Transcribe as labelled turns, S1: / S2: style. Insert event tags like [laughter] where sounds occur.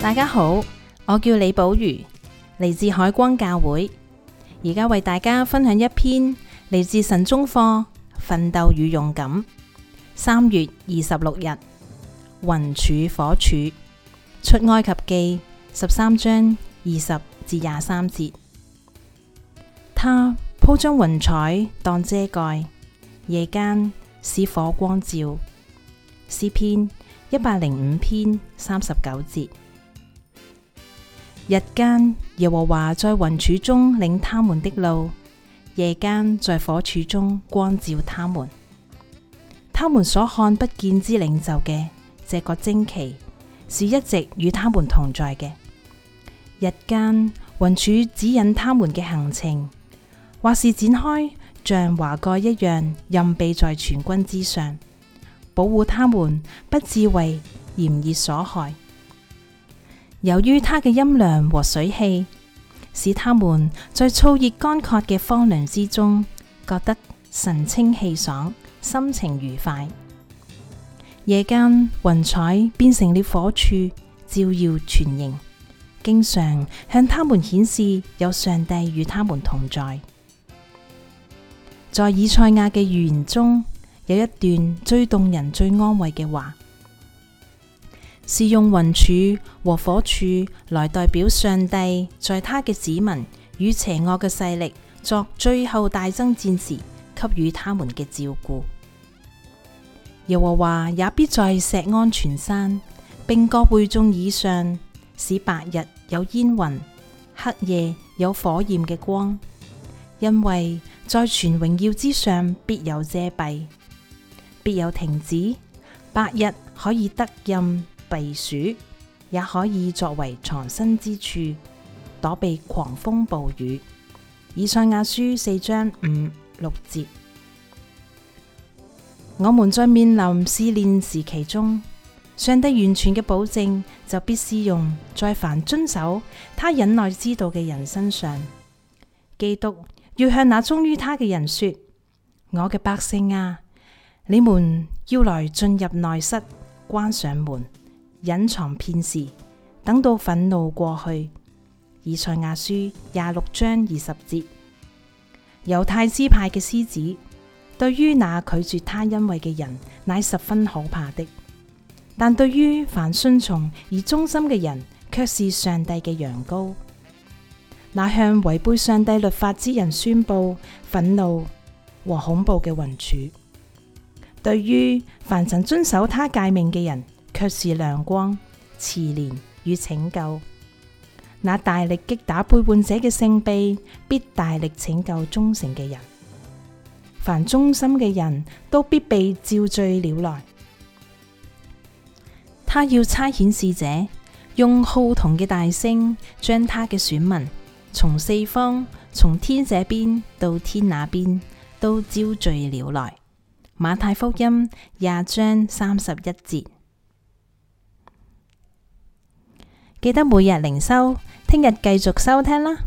S1: 大家好，我叫李寶如，嚟自海光教會。而家為大家分享一篇嚟自神中課《奮鬥與勇敢》三月二十六日。雲柱火柱，出埃及記十三章二十至廿三節。他鋪張雲彩當遮蓋，夜間使火光照。詩篇一百零五篇三十九節。日間耶和華在雲柱中領他們的路，夜間在火柱中光照他們。他們所看不見之領袖嘅這個旌旗，是一直與他們同在嘅。日間雲柱指引他們嘅行程，或是展開像華蓋一樣蔭庇在全軍之上，保護他們不至為炎熱所害。由於它嘅陰涼和水汽，使他們在燥熱乾渴嘅荒涼之中，覺得神清氣爽，心情愉快。夜間，雲彩變成了火柱，照耀全營，經常向他們顯示有上帝與他們同在。在以賽亞嘅預言中，有一段最動人、最安慰嘅話。是用雲柱和火柱來代表上帝在他嘅子民與邪惡嘅勢力作最後大爭戰時給予他們嘅照顧。耶和華也必在錫安全山，並各會眾以上，使白日有煙雲，黑夜有火焰嘅光，因為在全榮耀之上必有遮蔽，必有亭子，白日可以得蔭。避暑也可以作為藏身之處，躲避狂風暴雨。以賽亞書四章五六節， [noise] 我們在面臨試煉時期中，上帝完全嘅保證就必須用在凡遵守他忍耐之道嘅人身上。基督要向那忠於他嘅人說：我嘅百姓啊，你們要來進入內室，關上門。隱藏片時，等到憤怒過去。以賽亞書廿六章二十節，猶太支派嘅獅子，對於那拒絕他恩惠嘅人，乃十分可怕的；但對於凡順從而忠心嘅人，却是上帝嘅羊羔。那向違背上帝律法之人宣布憤怒和恐怖嘅雲柱，對於凡曾遵守他誡命嘅人，卻是亮光、慈憐與拯救。那大力擊打背叛者嘅聖臂，必大力拯救忠誠嘅人。凡忠心嘅人都必被招聚了來。他要差遣使者，用號筒嘅大聲，將他嘅選民從四方、從天這邊到天那邊都招聚了來。馬太福音廿章三十一節。記得每日靈修，聽日繼續收聽啦。